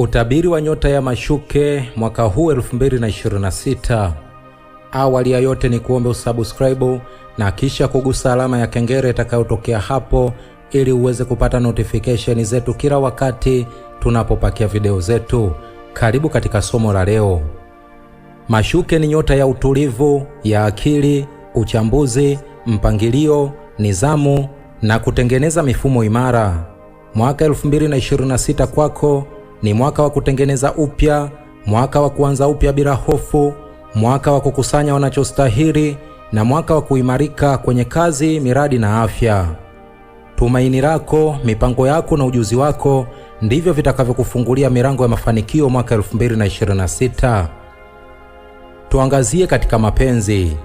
Utabiri wa nyota ya mashuke mwaka huu 2026. Awali ya yote ni kuombe usubscribe na kisha kugusa alama ya kengele itakayotokea hapo ili uweze kupata notification zetu kila wakati tunapopakia video zetu. Karibu katika somo la leo. Mashuke ni nyota ya utulivu, ya akili, uchambuzi, mpangilio, nizamu na kutengeneza mifumo imara. Mwaka 2026 kwako ni mwaka wa kutengeneza upya, mwaka wa kuanza upya bila hofu, mwaka wa kukusanya wanachostahili na mwaka wa kuimarika kwenye kazi, miradi na afya. Tumaini lako, mipango yako na ujuzi wako ndivyo vitakavyokufungulia milango ya mafanikio mwaka 2026. Tuangazie katika mapenzi.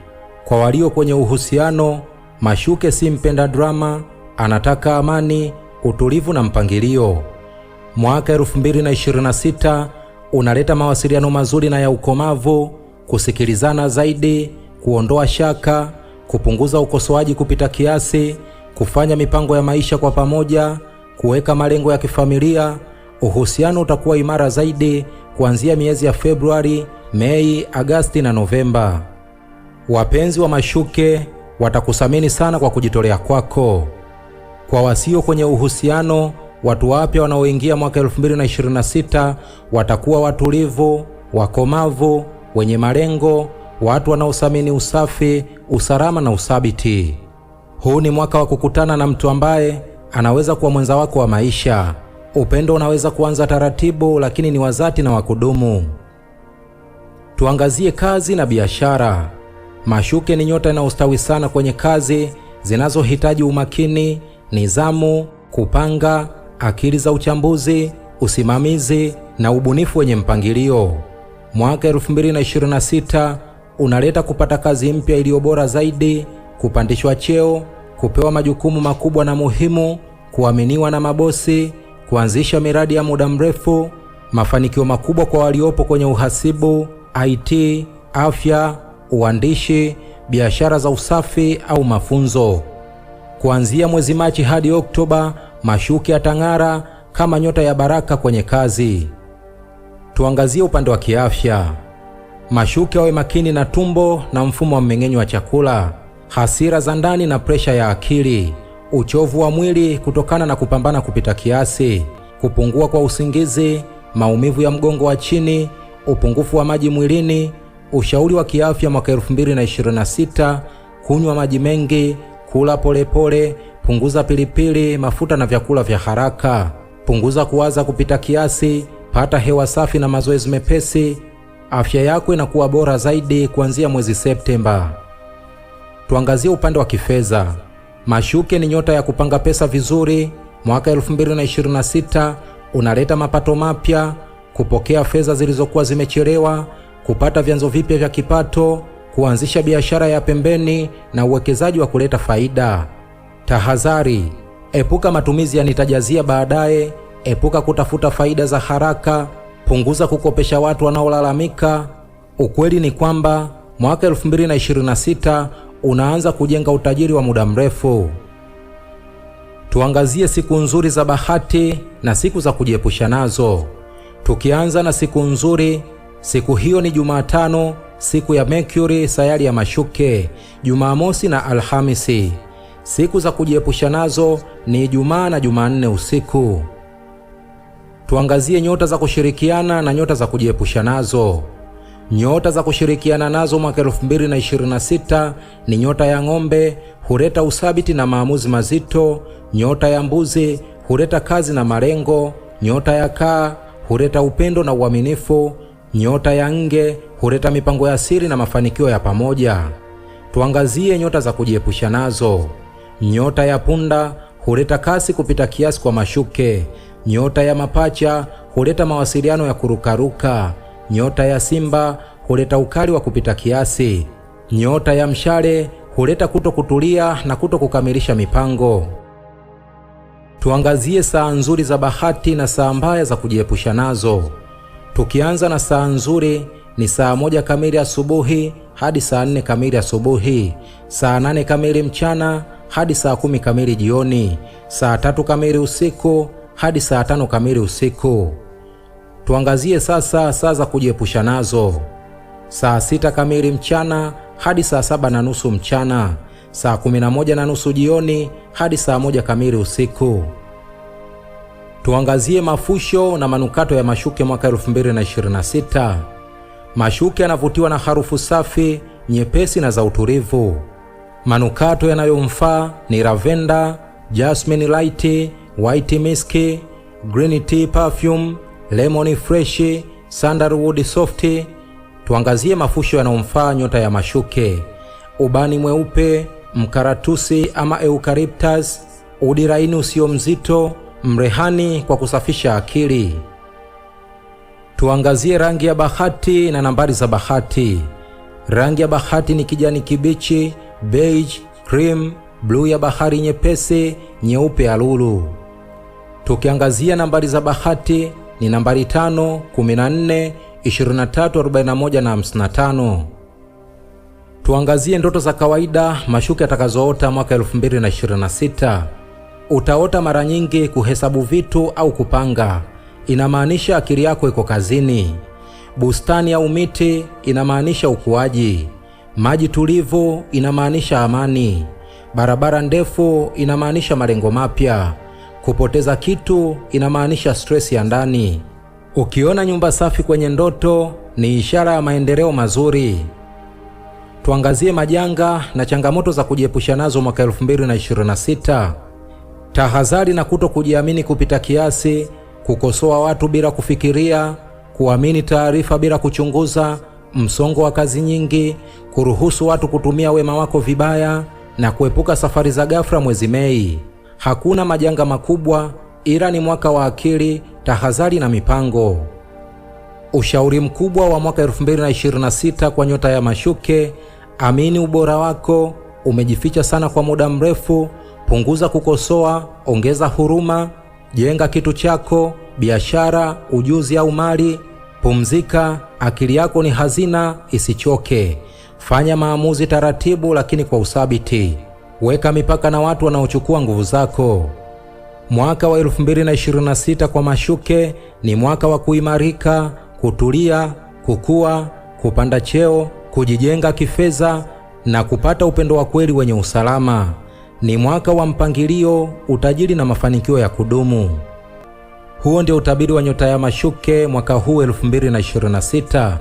Kwa walio kwenye uhusiano, Mashuke si mpenda drama, anataka amani, utulivu na mpangilio mwaka 2026 unaleta mawasiliano mazuri na ya ukomavu, kusikilizana zaidi, kuondoa shaka, kupunguza ukosoaji kupita kiasi, kufanya mipango ya maisha kwa pamoja, kuweka malengo ya kifamilia. Uhusiano utakuwa imara zaidi kuanzia miezi ya Februari, Mei, Agasti na Novemba. Wapenzi wa mashuke watakusamini sana kwa kujitolea kwako. Kwa wasio kwenye uhusiano watu wapya wanaoingia mwaka 2026 watakuwa watulivu, wakomavu, wenye malengo, watu wanaothamini usafi, usalama na uthabiti. Huu ni mwaka wa kukutana na mtu ambaye anaweza kuwa mwenza wako wa maisha. Upendo unaweza kuanza taratibu, lakini ni wazati na wakudumu. Tuangazie kazi na biashara. Mashuke ni nyota inayostawi sana kwenye kazi zinazohitaji umakini, nidhamu, kupanga akili za uchambuzi, usimamizi na ubunifu wenye mpangilio. Mwaka 2026 unaleta kupata kazi mpya iliyo bora zaidi, kupandishwa cheo, kupewa majukumu makubwa na muhimu, kuaminiwa na mabosi, kuanzisha miradi ya muda mrefu, mafanikio makubwa kwa waliopo kwenye uhasibu, IT, afya, uandishi, biashara za usafi au mafunzo. Kuanzia mwezi Machi hadi Oktoba mashuke atangara kama nyota ya baraka kwenye kazi. Tuangazie upande wa kiafya. Mashuke awe makini na tumbo na mfumo wa mmeng'enyo wa chakula, hasira za ndani na presha ya akili, uchovu wa mwili kutokana na kupambana kupita kiasi, kupungua kwa usingizi, maumivu ya mgongo wa chini, upungufu wa maji mwilini. Ushauri wa kiafya mwaka 2026: kunywa maji mengi, kula polepole pole, punguza pilipili, mafuta na vyakula vya haraka, punguza kuwaza kupita kiasi, pata hewa safi na mazoezi mepesi. Afya yako inakuwa bora zaidi kuanzia mwezi Septemba. Tuangazie upande wa kifedha. Mashuke ni nyota ya kupanga pesa vizuri. Mwaka 2026 unaleta mapato mapya, kupokea fedha zilizokuwa zimechelewa, kupata vyanzo vipya vya kipato, kuanzisha biashara ya pembeni na uwekezaji wa kuleta faida. Tahadhari: epuka matumizi ya nitajazia baadaye, epuka kutafuta faida za haraka, punguza kukopesha watu wanaolalamika. Ukweli ni kwamba mwaka 2026 unaanza kujenga utajiri wa muda mrefu. Tuangazie siku nzuri za bahati na siku za kujiepusha nazo. Tukianza na siku nzuri, siku hiyo ni Jumatano, siku ya Mercury, sayari ya mashuke, Jumamosi na Alhamisi. Siku za kujiepusha nazo ni Ijumaa na Jumanne usiku. Tuangazie nyota za kushirikiana na nyota za kujiepusha nazo. Nyota za kushirikiana nazo mwaka 2026 ni nyota ya ng'ombe, huleta uthabiti na maamuzi mazito. Nyota ya mbuzi huleta kazi na malengo. Nyota ya kaa huleta upendo na uaminifu. Nyota ya nge huleta mipango ya siri na mafanikio ya pamoja. Tuangazie nyota za kujiepusha nazo. Nyota ya punda huleta kasi kupita kiasi kwa mashuke. Nyota ya mapacha huleta mawasiliano ya kurukaruka. Nyota ya simba huleta ukali wa kupita kiasi. Nyota ya mshale huleta kuto kutulia na kuto kukamilisha mipango. Tuangazie saa nzuri za bahati na saa mbaya za kujiepusha nazo. Tukianza na saa nzuri ni saa moja kamili asubuhi hadi saa nne kamili asubuhi, saa nane kamili mchana hadi saa kumi kamili jioni, saa tatu kamili usiku hadi saa tano kamili usiku. Tuangazie sasa saa za kujiepusha nazo: saa sita kamili mchana hadi saa saba na nusu mchana, saa kumi na moja na nusu jioni hadi saa moja kamili usiku. Tuangazie mafusho na manukato ya mashuke mwaka 2026. Mashuke yanavutiwa na harufu safi, nyepesi na za utulivu. Manukato yanayomfaa ni lavender, jasmine light, white musk, green tea perfume, lemon fresh, sandalwood soft. Tuangazie mafusho yanayomfaa nyota ya mashuke: ubani mweupe, mkaratusi ama eucalyptus, udi laini usio mzito, mrehani kwa kusafisha akili. Tuangazie rangi ya bahati na nambari za bahati. Rangi ya bahati ni kijani kibichi beige, cream, bluu ya bahari nyepesi, nyeupe ya lulu. Tukiangazia nambari za bahati ni nambari 5, 14, 23, 41 na 55. Tuangazie ndoto za kawaida mashuke atakazoota mwaka 2026. Utaota mara nyingi kuhesabu vitu au kupanga, inamaanisha akili yako iko kazini. Bustani au miti inamaanisha ukuaji. Maji tulivu inamaanisha amani. Barabara ndefu inamaanisha malengo mapya. Kupoteza kitu inamaanisha stresi ya ndani. Ukiona nyumba safi kwenye ndoto ni ishara ya maendeleo mazuri. Tuangazie majanga na changamoto za kujiepusha nazo mwaka 2026. Tahadhari na kuto kujiamini kupita kiasi, kukosoa watu bila kufikiria, kuamini taarifa bila kuchunguza msongo wa kazi nyingi, kuruhusu watu kutumia wema wako vibaya na kuepuka safari za ghafla mwezi Mei. Hakuna majanga makubwa, ila ni mwaka wa akili, tahadhari na mipango. Ushauri mkubwa wa mwaka 2026 kwa nyota ya mashuke: amini ubora wako. Umejificha sana kwa muda mrefu, punguza kukosoa, ongeza huruma, jenga kitu chako, biashara, ujuzi au mali. Pumzika, Akili yako ni hazina, isichoke. Fanya maamuzi taratibu, lakini kwa uthabiti. Weka mipaka na watu wanaochukua nguvu zako. Mwaka wa 2026 kwa Mashuke ni mwaka wa kuimarika, kutulia, kukua, kupanda cheo, kujijenga kifedha na kupata upendo wa kweli wenye usalama. Ni mwaka wa mpangilio, utajiri na mafanikio ya kudumu. Huo ndio utabiri wa nyota ya mashuke mwaka huu 2026.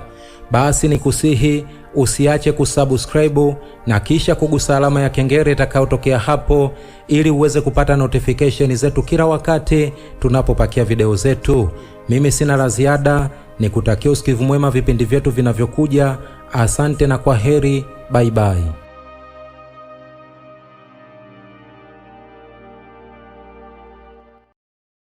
Basi ni kusihi usiache kusubscribe na kisha kugusa alama ya kengele itakayotokea hapo, ili uweze kupata notification zetu kila wakati tunapopakia video zetu. Mimi sina la ziada, ni kutakia usikivu mwema vipindi vyetu vinavyokuja. Asante na kwa heri, baibai.